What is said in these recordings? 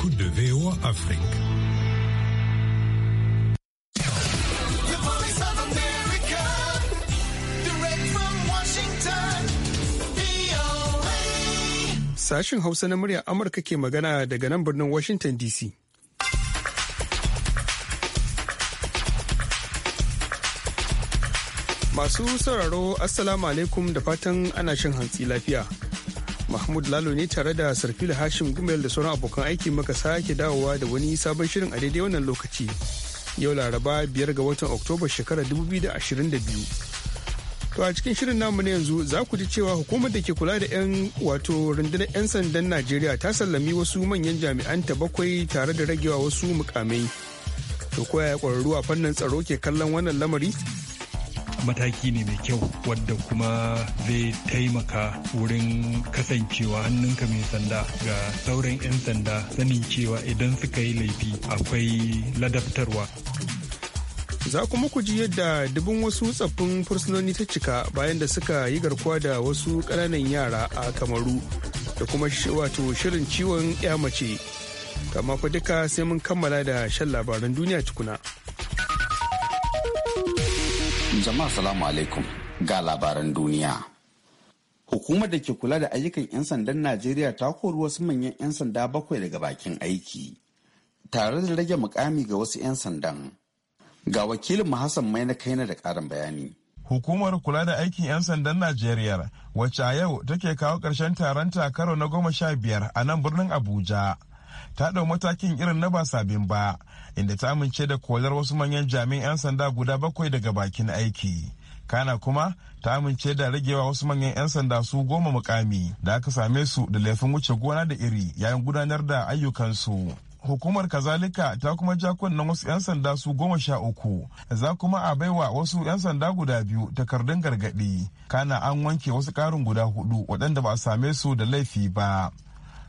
Coup de VOA Afrique. Sashen Hausa na muryar Amurka ke magana daga nan birnin Washington DC. Masu sauraro, Assalamu alaikum da fatan ana shan hantsi lafiya. Mahmud Lalo ne tare da Sarfila Hashim Gumel da sauran abokan aiki muka sake dawowa da wani sabon shirin a daidai wannan lokaci. Yau Laraba biyar ga watan Oktoba shekarar 2022. To a cikin shirin namu na yanzu za ku ji cewa hukumar da ke kula da 'yan wato rundunar 'yan sandan Najeriya ta sallami wasu manyan jami'an ta bakwai tare da ragewa wasu mukamai. To koya ya ƙwararru a fannin tsaro ke kallon wannan lamari? mataki ne mai kyau wadda kuma zai taimaka wurin kasancewa hannunka mai sanda ga sauran 'yan sanda sanin cewa idan suka yi laifi akwai ladabtarwa. za kuma ku ji yadda dubin wasu tsaffin fursunoni ta cika bayan da suka yi garkuwa da wasu ƙananan yara a kamaru da kuma wato shirin ciwon ya mace kama fa duka sai mun kammala da shan labaran duniya tukuna. Jama'a salamu alaikum ga labaran duniya. Hukumar da ke kula da ayyukan 'yan sandan Najeriya ta kori wasu manyan 'yan sanda bakwai daga bakin aiki, tare da rage mukami ga wasu 'yan sandan. Ga wakilin Hassan mai na kaina da karin bayani. Hukumar kula da aikin 'yan sandan Najeriya, wacce a yau take kawo ƙarshen taron karo na goma sha biyar a nan birnin Abuja. ta ɗau matakin irin na ba sabin ba inda ta amince da kolar wasu manyan jami'an 'yan sanda guda bakwai daga bakin aiki kana kuma ta amince da ragewa wasu manyan 'yan sanda su goma mukami da aka same su da laifin wuce gona da iri yayin gudanar da ayyukansu hukumar kazalika ta kuma ja kunnen wasu 'yan sanda su goma sha uku za kuma a baiwa wasu 'yan sanda guda biyu takardun gargaɗi kana an wanke wasu ƙarin guda hudu waɗanda ba a same su da laifi ba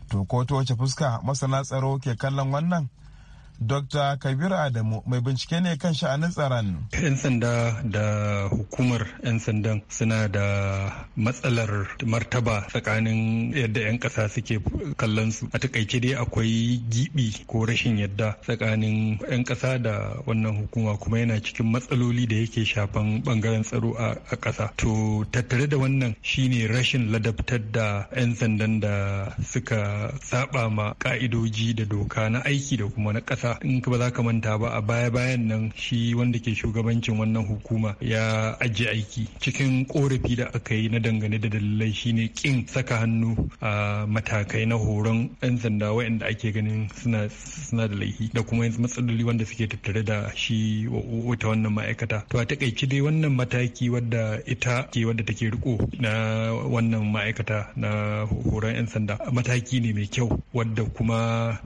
to ko ta wace fuska masana tsaro ke kallon wannan Dr. Kabir Adamu mai bincike ne kan sha'anin tsaron. 'Yan sanda da hukumar 'yan sandan suna da matsalar martaba tsakanin yadda 'yan ƙasa suke kallon su. A takaice dai akwai gibi ko rashin yadda tsakanin 'yan ƙasa da wannan hukuma kuma yana cikin matsaloli da yake shafan bangaren tsaro a ƙasa. To tattare da wannan shine rashin ladabtar da 'yan sandan da suka saba ma ka'idoji da doka na aiki da kuma na ƙasa in in ba za ka manta ba a baya bayan nan shi wanda ke shugabancin wannan hukuma ya ajiye aiki cikin korafi da aka yi na dangane da dalilai shine kin saka hannu a matakai na horon 'yan sanda waɗanda ake ganin suna da laifi da kuma matsaloli wanda suke tattare da shi wata wannan ma'aikata to a takaici dai wannan mataki wadda ita ke wadda take riko na wannan ma'aikata na horon 'yan sanda mataki ne mai kyau wadda kuma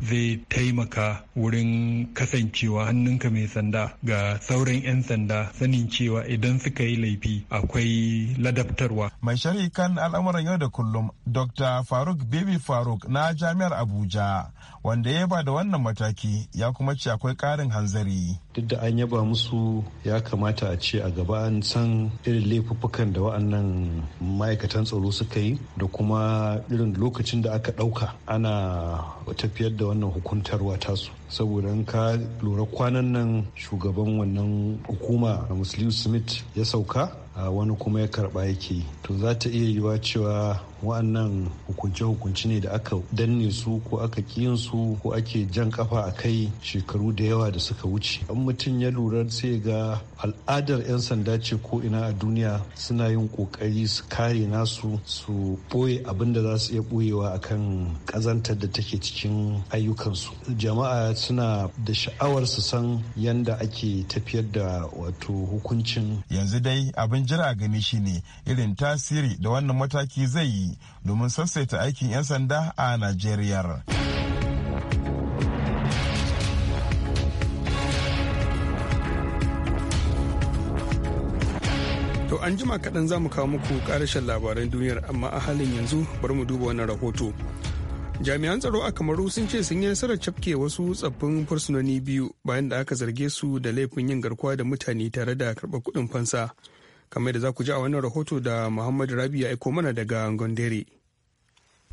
zai taimaka wurin domin kasancewa hannunka mai sanda ga sauran 'yan sanda sanin cewa idan suka yi laifi akwai ladabtarwa. Mai shari'i kan al'amuran yau da kullum Dr. Faruk Bibi Faruk na Jami'ar Abuja wanda ya ba da wannan mataki ya kuma ce akwai ƙarin hanzari. Duk da an yaba musu ya kamata a ce a gaba an san irin laifuffukan da wa'annan ma'aikatan tsaro suka yi da kuma irin lokacin da aka ɗauka ana tafiyar da wannan hukuntarwa tasu. Saboda in ka lura kwanan nan shugaban wannan hukuma Muslim Smith ya sauka wani kuma ya karba yake to za ta iya yiwa cewa wa'annan hukunce-hukunce ne da aka danne su ko aka kiyin su ko ake jan kafa a kai shekaru da yawa da suka wuce an mutum ya lura sai ga al'adar 'yan sanda ce ko ina a duniya suna yin kokari su kare nasu su boye abin da za su iya boyewa akan kazantar da take cikin ayyukansu jama'a suna da sha'awar su san yanda ake tafiyar da wato hukuncin yanzu dai abin jira gani shine irin tasiri da wannan mataki zai yi domin sassaita aikin 'yan sanda a Najeriya. To an jima kaɗan za mu kawo muku ƙarashen labaran duniyar amma a halin yanzu bari mu duba wannan rahoto. Jami'an tsaro a Kamaru sun ce sun yi nasarar cafke wasu tsaffin fursunoni biyu bayan da aka zarge su da laifin yin garkuwa da mutane tare da karɓar kuɗin fansa. kamar da za ku ji a wannan rahoto da Muhammad Rabi ya aiko mana daga Gondere.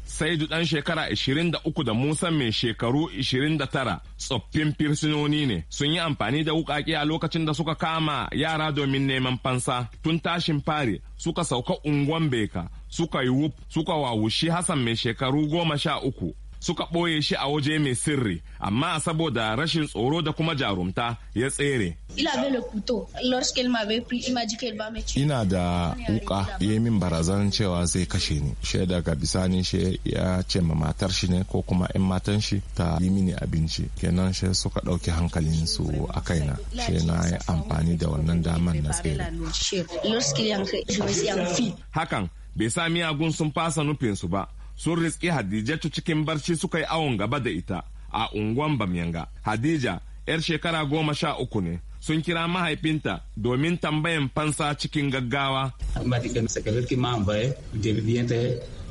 Saidu ɗan shekara 23 da Musa mai shekaru 29 tsoffin firsinoni ne sun yi amfani da wukaki a lokacin da suka kama yara domin neman fansa tun tashin fari suka sauka unguwan beka suka yi wuf suka wawushi Hassan mai shekaru goma sha uku suka ɓoye shi a waje mai sirri amma saboda rashin tsoro da kuma jarumta ya tsere. Ina da wuka ya min barazan cewa zai kashe ni. She daga bisani she ya ce ma matar shi ne ko kuma 'yan matan shi ta yi mini abinci. Kenan she suka ɗauki hankalin su a kaina. She na yi amfani da wannan daman na tsere. Hakan bai sa miyagun sun fasa nufinsu ba. sun riski hadijatu cikin barci suka yi awon gaba da ita a unguwan bamyanga hadija yar shekara goma sha uku ne sun kira mahaifinta domin tambayan fansa cikin gaggawa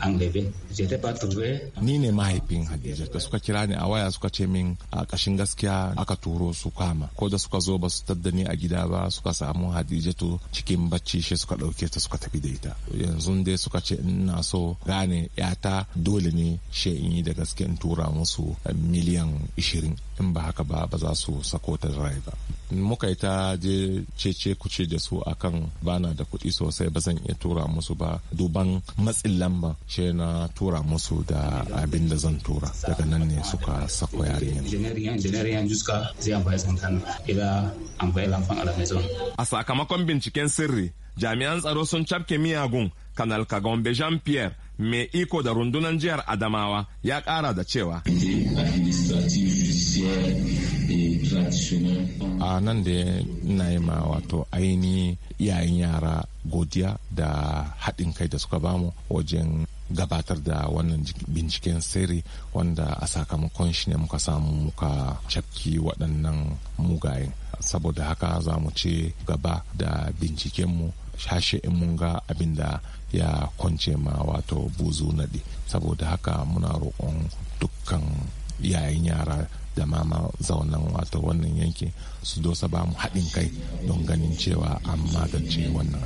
Eh. Ni ne mahaifin Hadiza da suka kira ni a waya suka ce min a kashin gaskiya aka turo su kama ko da suka zo ba su ni a gida ba suka samu Hadijatu cikin bacci shi suka ɗauke ta suka tafi da ita. Yanzu dai suka ce ina so gane yata dole ne she in yi da gaske in tura musu eh, miliyan ishirin in ba haka ba ba za su sako ta rai ba. Muka yi ta je cece kuce da su akan bana da kuɗi sosai ba zan iya tura musu ba duban matsin lamba she na tura musu da abin da zan tura daga nan ne suka sako ne. a sakamakon binciken sirri jami'an tsaro sun cafke miyagun kanal kagombe jean pierre mai iko da rundunan jihar adamawa ya kara da cewa a nan da ina yi ma wato aini iyayen yara godiya da haɗin kai da suka bamu wajen gabatar da wannan binciken sirri wanda a sakamakon shi ne muka samu muka cafki waɗannan mugayen saboda haka za mu ce gaba da bincikenmu shashe in mun ga abin da ya kwance ma wato buzu naɗi saboda haka muna roƙon dukkan yayin yara da ma zaunan wato wannan yanki su dosa ba mu haɗin kai don ganin cewa an magance wannan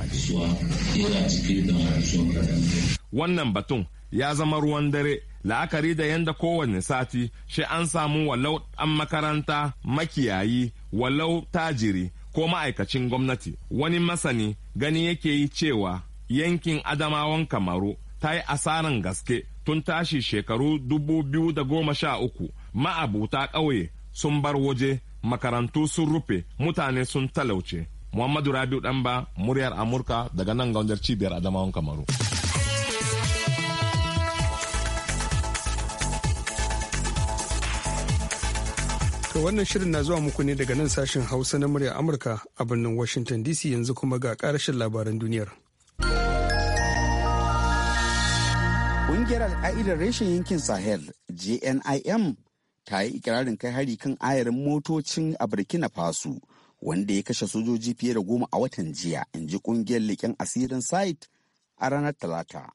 wannan batun ya zama ruwan dare la'akari da yadda kowane sati shi an samu walau an makaranta makiyayi walau tajiri ko ma'aikacin gwamnati wani masani gani yake yi cewa yankin adamawan kamaru ta yi asaran gaske tun tashi shekaru 2013 ma'abuta ƙauye sun bar waje makarantu sun rufe mutane sun talauce muhammadu rabiu ɗanba muryar amurka daga nan wajen cibiyar adamawan kamaru To wannan shirin na zuwa muku ne daga nan sashen Hausa na murya Amurka a birnin Washington DC yanzu kuma ga karashin labaran duniyar. Ƙungiyar al'adar reshen yankin Sahel, JNIM, ta yi ikirarin kai hari kan ayarin motocin a burkina faso wanda ya kashe sojoji fiye da goma a watan jiya in ji kungiyar leƙen asirin site a ranar talata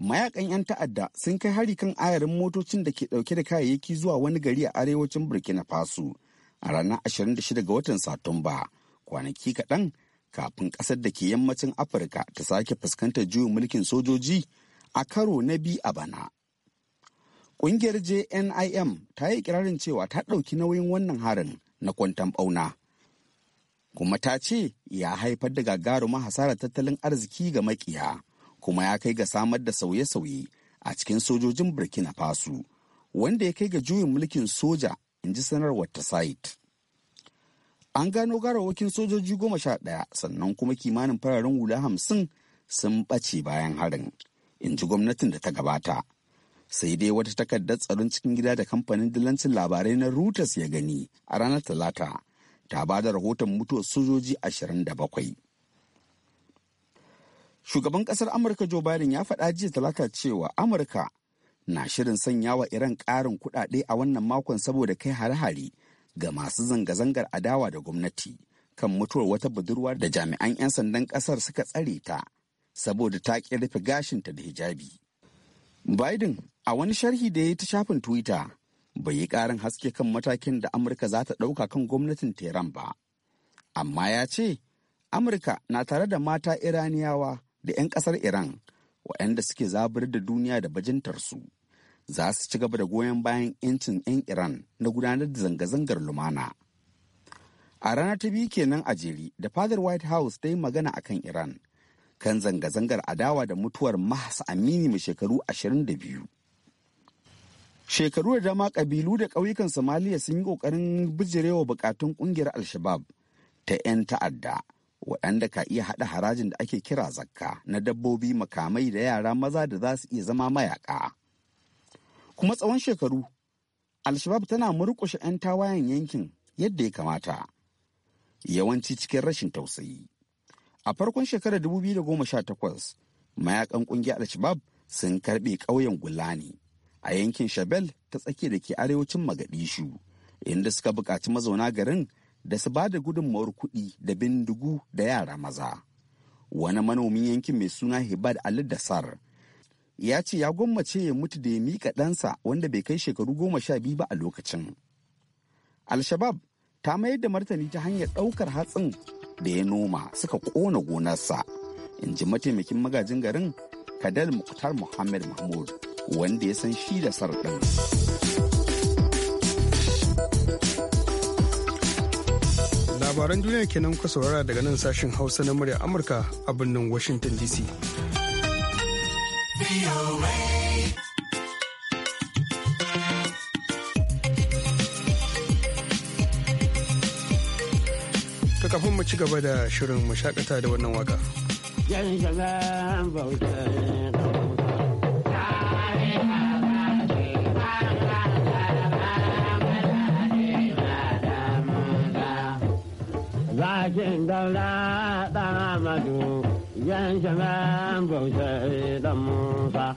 mayakan 'yan ta'adda sun kai hari kan ayarin motocin da ke dauke da kayayyaki zuwa wani gari a arewacin burkina faso a ranar 26 ga watan satumba kwanaki kaɗan kafin ƙasar da ke yammacin afirka ta sake fuskantar juyin mulkin sojoji a karo na biyu a bana Ƙungiyar JNIM ta yi kirarin cewa ta ɗauki nauyin wannan harin na kwantan ɓauna. Kuma ta ce ya haifar da gagaruma hasarar tattalin arziki ga makiya, kuma ya kai ga samar da sauye-sauye a cikin sojojin Burkina Faso, wanda ya kai ga juyin mulkin soja, in ji sanarwar ta site. An gano garawakin sojoji goma sha ɗaya sannan kuma kimanin fararen hula hamsin sun ɓace bayan harin, in ji gwamnatin da ta gabata. sai dai wata takardar tsaron cikin gida da kamfanin dillancin labarai na Reuters ya gani a ranar Talata ta ba da rahoton mutuwar sojoji 27. Shugaban kasar Amurka Joe Biden ya faɗa jiya Talata cewa Amurka na shirin sanya wa Iran ƙarin kuɗaɗe a wannan makon saboda kai hare-hare ga masu zanga-zangar adawa da gwamnati kan mutuwar wata budurwa da jami'an 'yan sandan ƙasar suka tsare ta saboda ta rufe gashinta da hijabi. Biden a wani sharhi da ya yi ta shafin Twitter bai yi ƙarin haske kan matakin da Amurka za ta ɗauka kan gwamnatin Tehran ba. Amma ya ce, Amurka na tare da mata Iraniyawa da 'yan ƙasar Iran waɗanda suke zabar da duniya da bajintarsu. Za su ci gaba da goyon bayan 'yancin 'yan Iran na gudanar da zanga-zangar lumana. A ranar ta biyu kenan a jeri da fadar White House ta yi magana akan Iran. kan zanga-zangar adawa da mutuwar mahas amini mai shekaru 22 shekaru da dama kabilu da ƙauyukan somaliya sun yi ƙoƙarin bijirewa bukatun ƙungiyar Alshabab ta 'yan ta'adda waɗanda ka iya haɗa harajin da ake kira zakka na dabbobi makamai da yara maza da za su iya zama mayaka kuma tsawon shekaru Alshabab tana murƙushe 'yan tawayen yankin yadda ya kamata yawanci cikin rashin tausayi a farkon shekarar 2018 mayakan kungiyar al-shabab sun karbe ƙauyen gulani a yankin shabel ta tsakiya da ke arewacin magadishu inda suka buƙaci mazauna garin da su ba da gudunmawar kuɗi da bindigu da yara maza wani manomin yankin mai suna hibad ali dasar ya ce ya gwammace ya mutu da ya miƙa ɗansa wanda bai kai shekaru goma sha biyu ba a lokacin al-shabab ta mayar da martani ta hanyar ɗaukar hatsin da ya noma suka kona gonarsa in ji mataimakin magajin garin kadal muktar muhammad mahmud wanda ya san shi da sarɗin. labaran duniya kenan kuka saurara daga nan sashen hausa na murya amurka a birnin washington dc. to kafin mu ci gaba da shirin mu shakata da wannan waka. Yan zakin daura ɗan amadu yan shaman bautar da musa.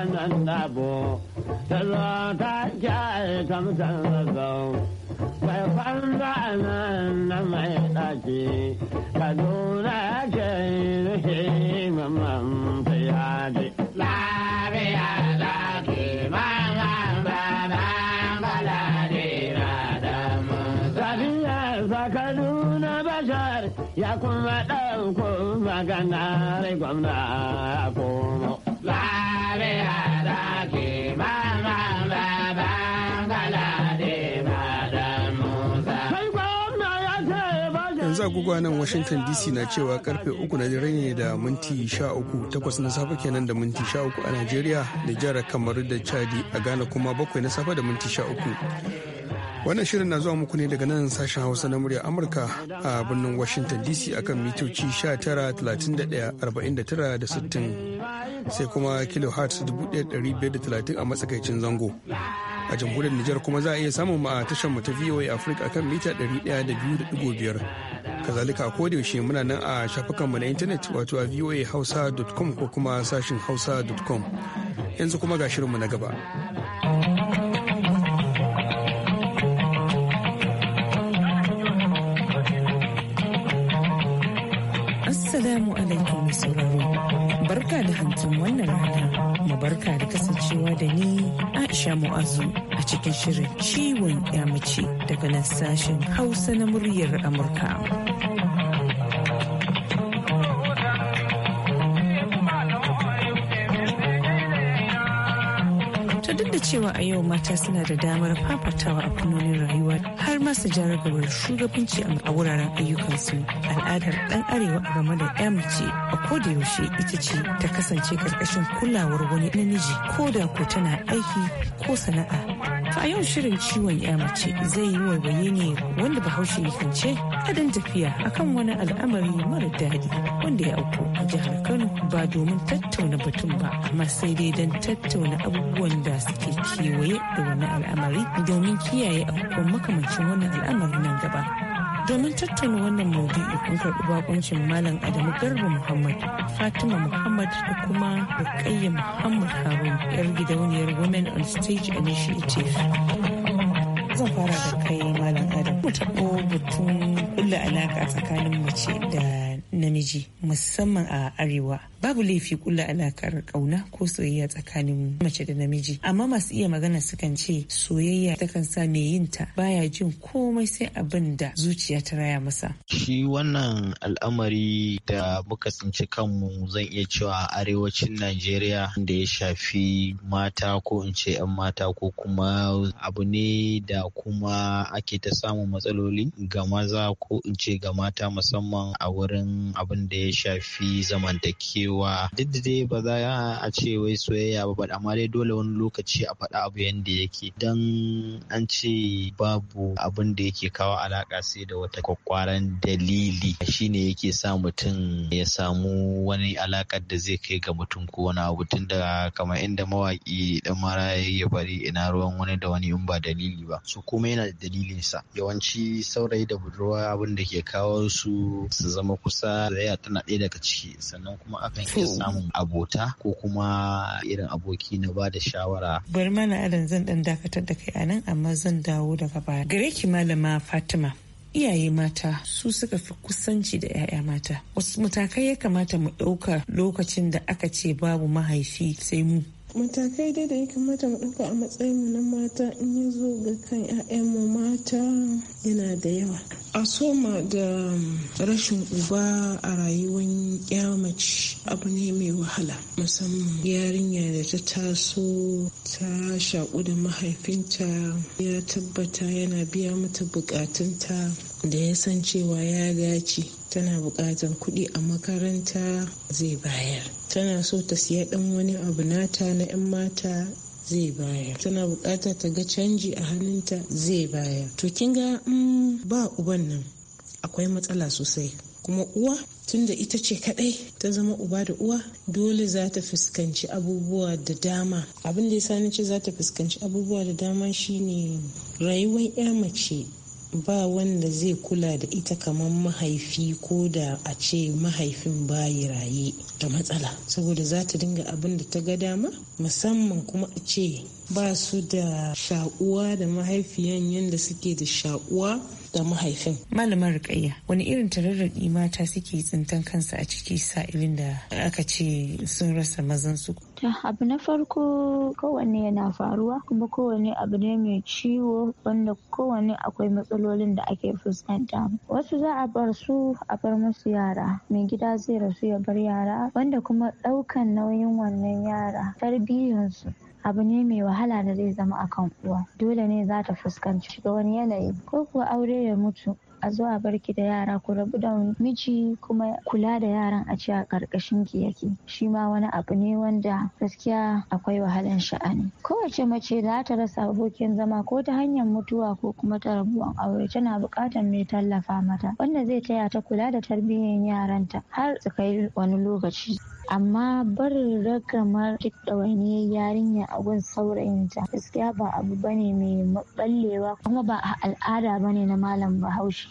kanan dabo ta zo ta kyaye tamsan zazzau bai fanda nan na mai ɗaki kaduna ke rufe mamman fiyade lafiya ɗaki mamman baban balade madamu tafiya sa kaduna bashar ya kuma ɗauko maganar gwamna komo yanzu agogo nan washington dc na cewa karfe uku na dare ne da minti sha takwas na safe kenan da minti sha a nigeria da jihar kamaru da chadi a ghana kuma bakwai na safe da minti sha Wannan shirin na zuwa muku ne daga nan sashen Hausa na murya Amurka a birnin Washington DC akan mitoci 19,31,49 da 60 sai kuma kilohertz 1530 a matsakaicin zango. A jamhuriyar Nijar kuma za a iya samun ma a tashar mu ta VOA Africa akan mita 102.5. Kazalika a yaushe muna nan a mu na intanet wato a voahausa.com ko kuma sashin hausa.com. Yanzu kuma ga shirinmu na gaba. albarkacin wannan rana mu barka da kasancewa da ni Aisha Mu'azu a cikin shirin ciwon mace daga nan sashen Hausa na muryar Amurka. cewa a yau mata suna da damar fafatawa a fannonin rayuwa har ma su shugabanci a wuraren ayyukansu al'adar dan arewa a game da 'ya mace a koda yaushe ita ce ta kasance karkashin kulawar wani namiji ko da ko tana aiki ko sana'a To a yau shirin ciwon ya mace zai yi waye ne wanda bahaushe ya kance hadin tafiya akan wani al'amari mara daɗi wanda ya auku a jihar Kano ba domin tattauna batun ba amma sai dai don tattauna abubuwan da suke kewaye da wani al'amari domin kiyaye aukuwan makamancin wannan al'amari nan gaba. domin tattauna wannan maudu'i kun karɓi bakoncin malam adamu garba muhammad fatima muhammad da kuma rukayya muhammad harun yar gidauniyar women on stage initiative zan fara da kai malam adamu ɓo batun kulle alaka tsakanin mace da namiji musamman a arewa babu laifi kula alakar kauna ko soyayya tsakanin mace da namiji amma masu iya magana sukan ce soyayya takan sa mai yin ta baya jin komai sai abin da zuciya ta raya masa shi wannan al'amari da muka tsinci kanmu zan iya cewa a arewacin najeriya da ya shafi mata ko in ce 'yan mata ko kuma abu ne da kuma ake ta samun matsaloli ga maza ko in ce ga mata musamman a wurin abin da ya shafi zamantakewa duk da dai ba za a ce wai soyayya ba faɗa amma dai dole wani lokaci a faɗa abu yadda yake dan an ce babu abin da yake kawo alaka sai da wata kwakwaran dalili shine yake sa mutum ya samu wani alaƙar da zai kai ga mutum ko wani abu tun da kamar inda mawaƙi dan mara ya bari ina ruwan wani da wani in ba dalili ba su kuma yana da dalilinsa yawanci saurayi da budurwa abin da ke kawo su su zama kusa ita tana ɗaya daga ciki sannan kuma akan iya samun abota ko kuma irin aboki na ba da shawara. Bari mana adam zan ɗan dakatar da kai anan amma zan dawo daga baya. Gare ki malama Fatima. iyaye mata su suka fi kusanci da 'ya'ya mata wasu matakai ya kamata mu ɗauka lokacin da aka ce babu mahaifi sai mu matakai dai da ya kamata mu ɗauka a matsayinmu na mata in ya zo ga kan 'ya'yanmu mata yana da yawa a soma da um, rashin uba a rayuwar mace abu ne mai wahala musamman yarinya da ta taso ta shaƙu da mahaifinta ya tabbata yana biya mata buƙatunta da ya san cewa ya dace tana buƙatar kuɗi a makaranta zai bayar tana so ta siya ɗan wani abu nata na 'yan mata zai bayar tana buƙatar ta ga canji a hannunta zai bayar to kin ga mm, ba uban nan akwai matsala sosai kuma uwa tunda ita ce kadai ta zama uba da uwa dole za ta fuskanci abubuwa da dama abin da ya sani ce za ta fuskanci abubuwa da dama shine rayuwar ya mace ba wanda zai kula da ita kamar mahaifi ko da a ce mahaifin bayi raye da matsala saboda za ta dinga abin da ta ga dama musamman kuma a ce ba su da sha'uwa da mahaifiyan yadda suke da sha'uwa. da mahaifin. Malamar Rukayya, wani irin tararraɗi mata suke tsintan kansu a ciki sa'ilin da aka ce sun rasa mazan mazansu? abu na farko kowanne yana faruwa kuma kowanne abu ne mai ciwo wanda kowanne akwai matsalolin da ake fuskanta wasu za a bar su a bar musu yara mai gida zai rasu ya bar yara wanda kuma ɗaukan nauyin wannan yara tarbiyyarsu abu ne mai wahala da zai zama a kan uwa dole ne za ta fuskanci shiga wani yanayi ko kuwa aure ya mutu a zo barki da yara ku rabu da miji kuma kula da yaran a ce a karkashin ki yake shi ma wani abu ne wanda gaskiya akwai wahalan sha'ani kowace mace za ta rasa abokin zama ko ta hanyar mutuwa ko kuma ta rabuwan aure tana buƙatar mai tallafa mata wanda zai taya ta kula da tarbiyyar yaranta har su kai wani lokaci amma barin ragamar duk ɗawainiyar yarinya a gun saurayin ta gaskiya ba abu bane mai maballewa kuma ba al'ada bane na malam bahaushe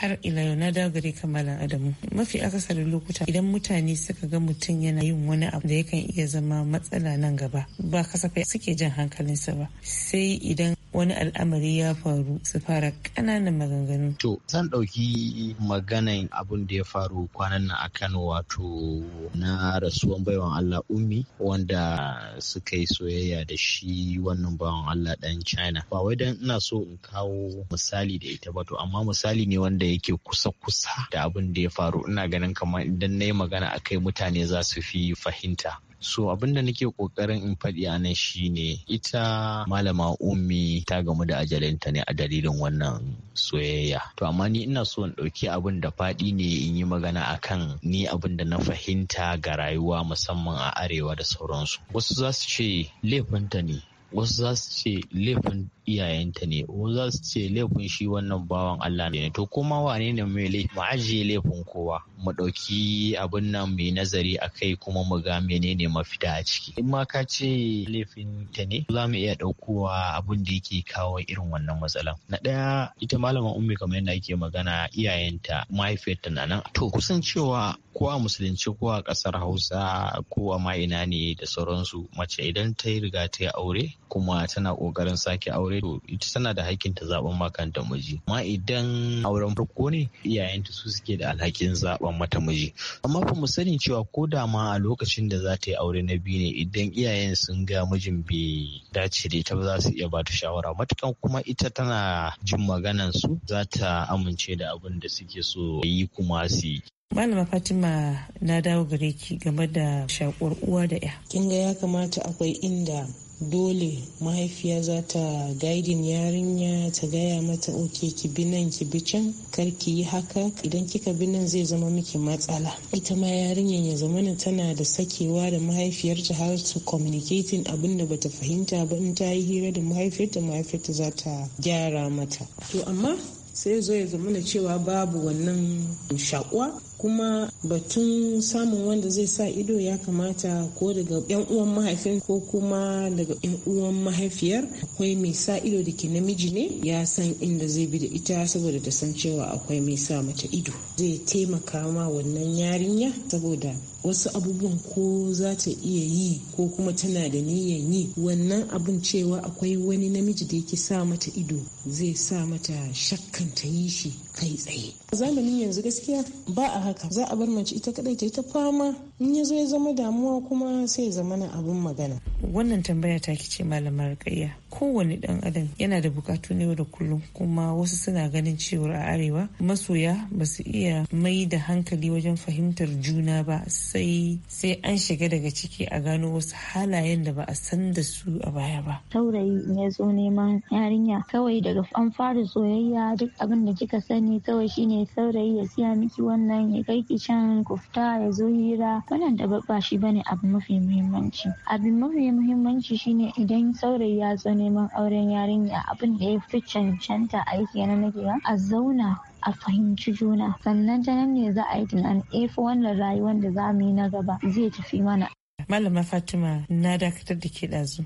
har ila yau na dagare ka malam adamu mafi akasarin lokuta idan mutane suka ga mutum yana yin wani abu da yakan iya zama matsala nan gaba ba kasafai suke jan hankalinsa ba sai idan wani al'amari ya faru su fara ƙananan maganganu. To, zan ɗauki maganan abin da ya faru kwanan nan akan wato na rasuwan baiwan Allah Ummi wanda suka yi soyayya da shi wannan bawan Allah ɗan China. Ba wai dan ina so in kawo misali da ita ba to amma misali ne wanda yake kusa-kusa da abin da ya faru ina ganin kamar idan na yi magana akai mutane za su fi fahimta. so abinda nake kokarin in faɗi a nan shine ita malama ummi ta gamu da ajalinta ne a dalilin wannan soyayya to amma ni ina so in ɗauki abin da faɗi ne in yi magana a kan ni abin da na fahimta ga rayuwa musamman a arewa da sauransu wasu za su ce laifinta ne wasu za su ce laifin iyayenta ne ko za su ce laifin shi wannan bawan Allah ne to kuma wane ne mai laifi mu ajiye laifin kowa mu ɗauki abin nan mai nazari a kai kuma mu ga menene mafita a ciki in ma ka ce laifin ta ne za mu iya ɗaukowa abin da yake kawo irin wannan matsalan na ɗaya ita malaman ummi kamar yadda ake magana iyayenta mahaifiyarta na nan to kusan cewa ko a musulunci ko a ƙasar hausa kowa a ma ina ne da sauransu mace idan ta yi riga ta yi aure kuma tana ƙoƙarin sake aure aure to ita tana da haƙƙin ta zaɓen ta miji amma idan auren farko ne iyayenta su suke da alhakin zaɓen mata miji amma fa mu sani cewa ko da ma a lokacin da za ta yi aure na biyu ne idan iyayen sun ga mijin bai dace da ita ba za su iya ba ta shawara matukan kuma ita tana jin maganan su za ta amince da abin da suke so yi kuma su yi Malama Fatima na dawo gare ki game da shakuwar uwa da ya. Kin ga ya kamata akwai inda dole mahaifiya za ta gaidin yarinya ta gaya mata oke ki bi nan ki bi can kar ki yi haka idan kika bi nan zai zama miki matsala ita ma yarinyar ya zamana tana da sakewa da mahaifiyarta har su communicating abin da bata fahimta ba in ta yi hira da mahaifiyarta mahaifiyarta za ta gyara mata to amma sai zo ya zamana cewa babu wannan shakuwa kuma batun samun wanda zai sa ido ya kamata ko daga yan uwan mahaifin ko kuma daga yan uwan mahaifiyar akwai mai sa ido da ke namiji ne ya san inda zai bi da ita saboda ta san cewa akwai mai sa mata ido zai taimaka ma wannan yarinya saboda wasu abubuwan ko za ta iya yi ko kuma tana da niyan yi wannan abun cewa akwai wani namiji da yake sa mata ido zai sa mata shakkan ta yi shi kai tsaye a zamanin yanzu gaskiya ba a haka za a bar mace ita kadai ta yi ta fama in ya zo ya zama damuwa kuma sai zama na abun magana wannan tambaya ta ki ce malamar kayya kowane dan adam yana da bukatu ne da kullum kuma wasu suna ganin cewar a arewa masoya ba su iya mai da hankali wajen fahimtar juna ba Sai sai an shiga daga ciki a gano wasu halayen da ba a san da su a baya ba. Saurayi ya zo neman yarinya kawai daga an fara soyayya duk abin da kika sani kawai shine saurayi ya siya miki wannan ya kai ki can kufta ya zo hira wannan da ba shi bane abu mafi muhimmanci. Abin mafi muhimmanci shine idan saurayi ya zo neman auren yarinya abin da ya fi cancanta aiki na nake a zauna a fahimci juna sannan ta nan ne za a yi tunanin efa eh wannan rayuwar da za mu yi na gaba zai tafi mana. Malama Fatima na dakatar da ke ɗazu.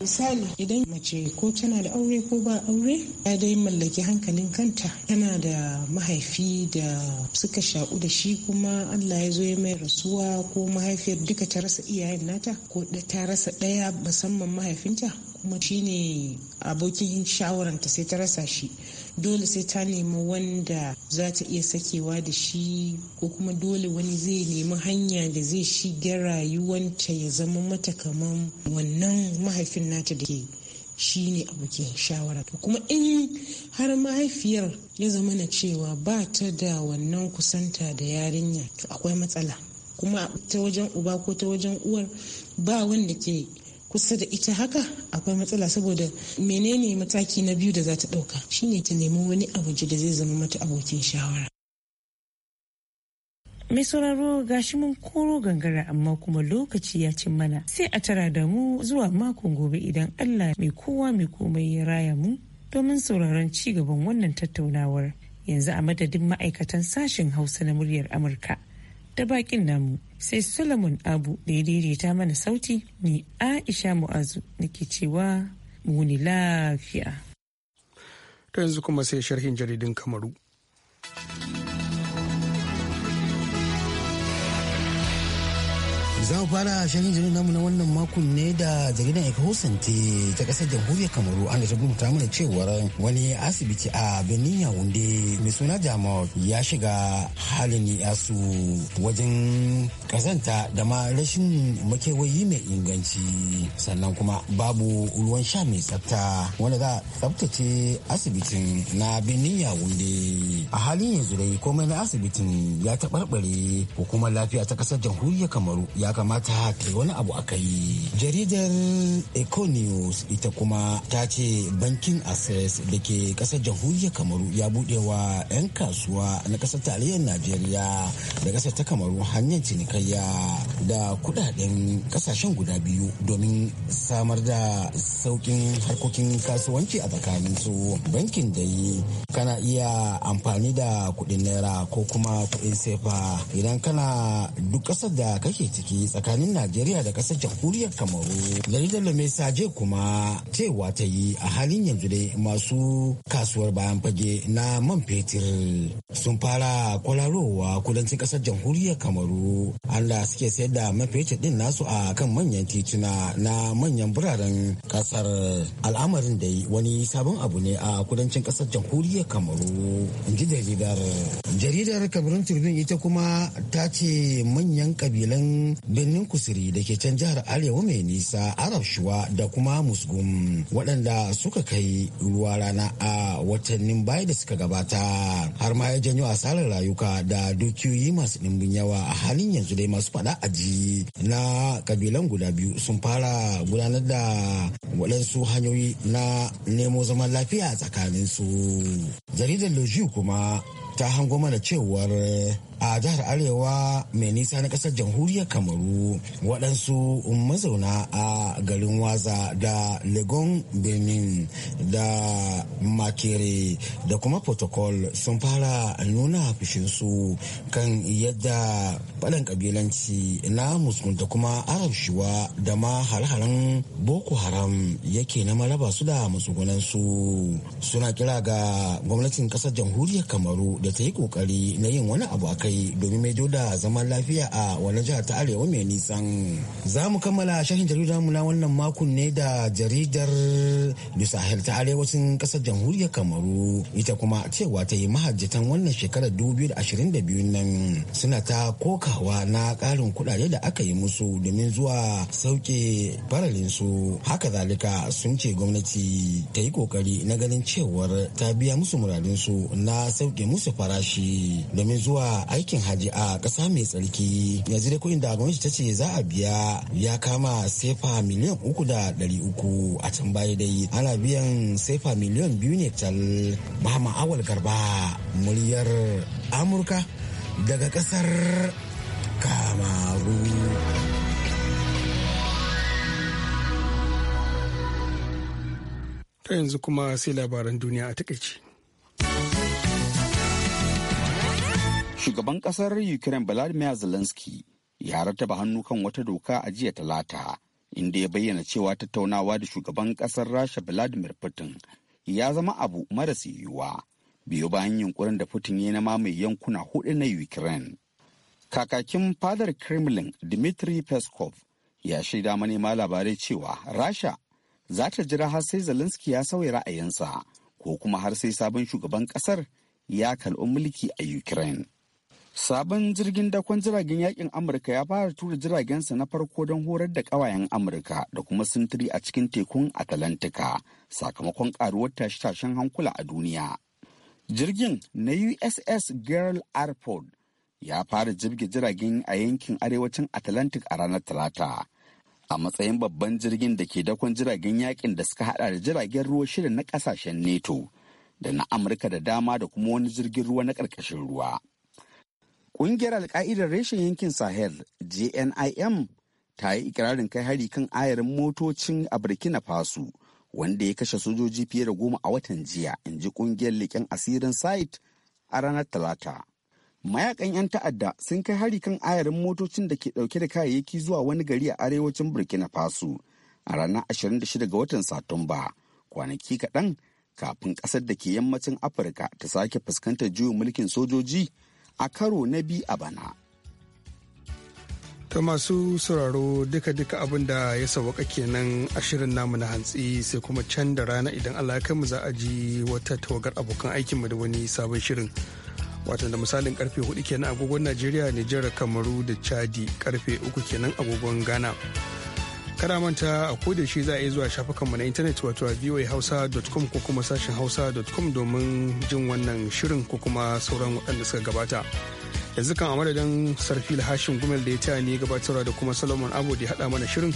misali idan mace ko tana da aure ko ba aure ya dai mallaki hankalin kanta tana da mahaifi da suka shaƙu da shi kuma allah ya zo ya mai rasuwa ko mahaifiyar duka ta rasa iyayen nata ko ta rasa ɗaya musamman mahaifinta kuma shine abokin shawaranta sai ta rasa shi dole sai ta nemi wanda za ta iya sakewa da shi ko kuma dole wani zai nemi hanya da zai shiga rayuwanta ya zama mata kaman wannan mahaifin nata da ke shi ne abokin shawara kuma in har mahaifiyar ya zama na cewa ba ta da wannan kusanta da yarinya to akwai matsala kuma ta wajen uba ko ta wajen uwar ba wanda ke kusa da ita haka akwai matsala saboda menene mataki na biyu da za ta ɗauka shine ta nemi wani abinci da zai zama mata abokin shawara mai sauraro gashi mun koro gangara amma kuma lokaci ya cin mana sai a tara da mu zuwa makon gobe idan allah mai kowa mai komai ya raya mu domin sauraron ci gaban wannan tattaunawar yanzu a madadin ma'aikatan sashen hausa na muryar amurka da bakin namu sai solomon abu da ya daidaita mana sauti ni aisha mu'azu nake cewa muni lafiya ta yanzu kuma sai sharhin jaridin kamaru za mu fara shirin jirin namu na wannan makon ne da jaridan ekahosante ta kasar jamhuriyar kamaru an da ta gumta mana cewar wani asibiti a benin wunde mai suna jamus ya shiga halin yasu wajen kazanta da ma rashin makewayi mai inganci sannan kuma babu ruwan sha mai tsafta wanda za tsaftace asibitin na benin wunde a halin yanzu dai komai na asibitin ya taɓarɓare hukumar lafiya ta kasar jamhuriyar kamaru ya kamata kai wani abu aka yi jaridar econews ita kuma ta ce bankin access da ke kasar jamhuriyar kamaru ya wa 'yan kasuwa na kasar tarayyar najeriya da kasar ta kamaru hanyar cinikayya da kudaden kasashen guda biyu domin samar da saukin harkokin kasuwanci a tsakanin su bankin da yi kana iya amfani da kuɗin naira ko kuma kuɗin sefa idan kana duk kasar da kake ciki tsakanin Najeriya da ƙasar jamhuriyar Kamaru. Jaridar Lame je kuma cewa ta yi a halin yanzu dai masu kasuwar bayan fage na man fetur sun fara kwalarowa kudancin ƙasar jamhuriyar Kamaru. Allah suke sayar da man fetur din nasu a kan manyan tituna na manyan biraren ƙasar. al'amarin da wani sabon abu ne a kudancin ƙasar jamhuriyar Kamaru. jaridar. Jaridar Turbin ita kuma ta ce manyan kabilan birnin kusiri da ke can jihar arewa mai nisa arab shuwa da kuma musgum waɗanda suka kai ruwa rana a watannin baya da suka gabata har ma ya janyo asarar rayuka da dukiyoyi masu ɗimbin yawa a halin yanzu dai masu faɗa aji na kabilan guda biyu sun fara gudanar da waɗansu hanyoyi na nemo zaman lafiya tsakaninsu jaridar lojiyu kuma ta hango mana cewar a jihar arewa mai nisa na kasar jamhuriyar kamaru waɗansu mazauna a garin waza da legon benin da makere da kuma protocol sun fara nuna fushinsu kan yadda faɗin ƙabilanci na musulun da kuma arabshiwa da ma har-haren boko haram yake na maraba su da matsugunansu suna kira ga gwamnatin kasar jamhuriyar kamaru da da ta yi kokari na yin wani abu a kai domin mai da zaman lafiya a wani jihar ta arewa mai nisan za mu kammala shahin jaridar mu na wannan makon ne da jaridar du sahel ta arewacin kasar jamhuriyar kamaru ita kuma cewa ta yi mahajjatan wannan shekarar 2022 nan suna ta kokawa na karin kudade da aka yi musu domin zuwa sauke faralin su haka zalika sun ce gwamnati ta yi kokari na ganin cewar ta biya musu muradin na sauke musu farashi domin zuwa aikin haji a ƙasa mai tsarki yanzu dai kuɗin da gwamnati ta ce za a biya ya kama sefa miliyan uku da ɗari uku a can baya dai ana biyan sefa miliyan biyu ne tal mahama awal garba muryar amurka daga ƙasar kamaru. ta yanzu kuma sai labaran duniya a takaice. Shugaban kasar Ukraine Vladimir Zelensky ya rataba hannu kan wata doka a jiya talata inda ya bayyana cewa tattaunawa da shugaban kasar Rasha Vladimir Putin ya zama abu maras yiwuwa biyo bayan yunkurin da Putin ya na mamaye yankuna hudu na Ukraine. Kakakin fadar Kremlin Dmitry Peskov ya shaida manema labarai cewa Rasha za ta jira har sai Zelensky ya sauya ra'ayinsa ko kuma har sai sabon shugaban kasar ya kalbi mulki a Ukraine. Sabon jirgin dakon jiragen yakin Amurka ya fara tura jiragensa na farko don horar da ƙawayen Amurka da kuma sintiri a cikin tekun Atalantika sakamakon karuwar tashe-tashen hankula a duniya. Jirgin na USS Girl Airport ya fara jirge jiragen a yankin arewacin Atlantic a ranar Talata. A matsayin babban jirgin da ke dakon jiragen yakin da suka hada da jiragen ruwa shida na kasashen NATO da na Amurka da dama da kuma wani jirgin ruwa na ƙarƙashin ruwa. Ƙungiyar alka'idar reshen yankin Sahel JNIM ta yi ikirarin kai hari kan ayarin motocin a Burkina Faso wanda ya kashe sojoji fiye da goma a watan jiya in ji ƙungiyar leƙen asirin Said, a ranar Talata. Mayakan 'yan ta'adda sun kai hari kan ayarin motocin da ke ɗauke da kayayyaki zuwa wani gari a arewacin Burkina Faso a ranar 26 ga watan Satumba kwanaki kaɗan kafin ƙasar da ke yammacin Afirka ta sake fuskantar juyin mulkin sojoji a karo na biyu a bana. Ta masu sauraro duka-duka abin da ya sauwaka kenan ashirin namu na hantsi sai kuma can da rana idan Allah ya mu za a ji wata tawagar abokan aikinmu da wani sabon shirin. Watan da misalin karfe hudu kenan agogon Najeriya, Nijar, Kamaru da Chadi karfe uku kenan agogon Ghana. Kada manta a koda shi za a yi zuwa shafukanmu na intanet wato a voahausa.com ko kuma sashen hausa.com domin jin wannan shirin ko kuma sauran waɗanda suka gabata. Yanzu kan a madadin sarfi hashin gumel da ya taya ne gabatarwa da kuma Solomon Abu da haɗa mana shirin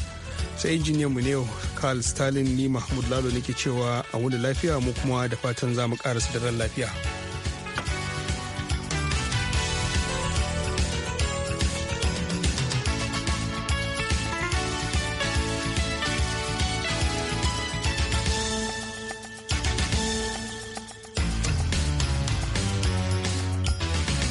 sai injiniyan mu ne Carl Stalin ni Mahmud Lalo nake cewa a wani lafiya mu kuma da fatan za mu ƙarasa da lafiya.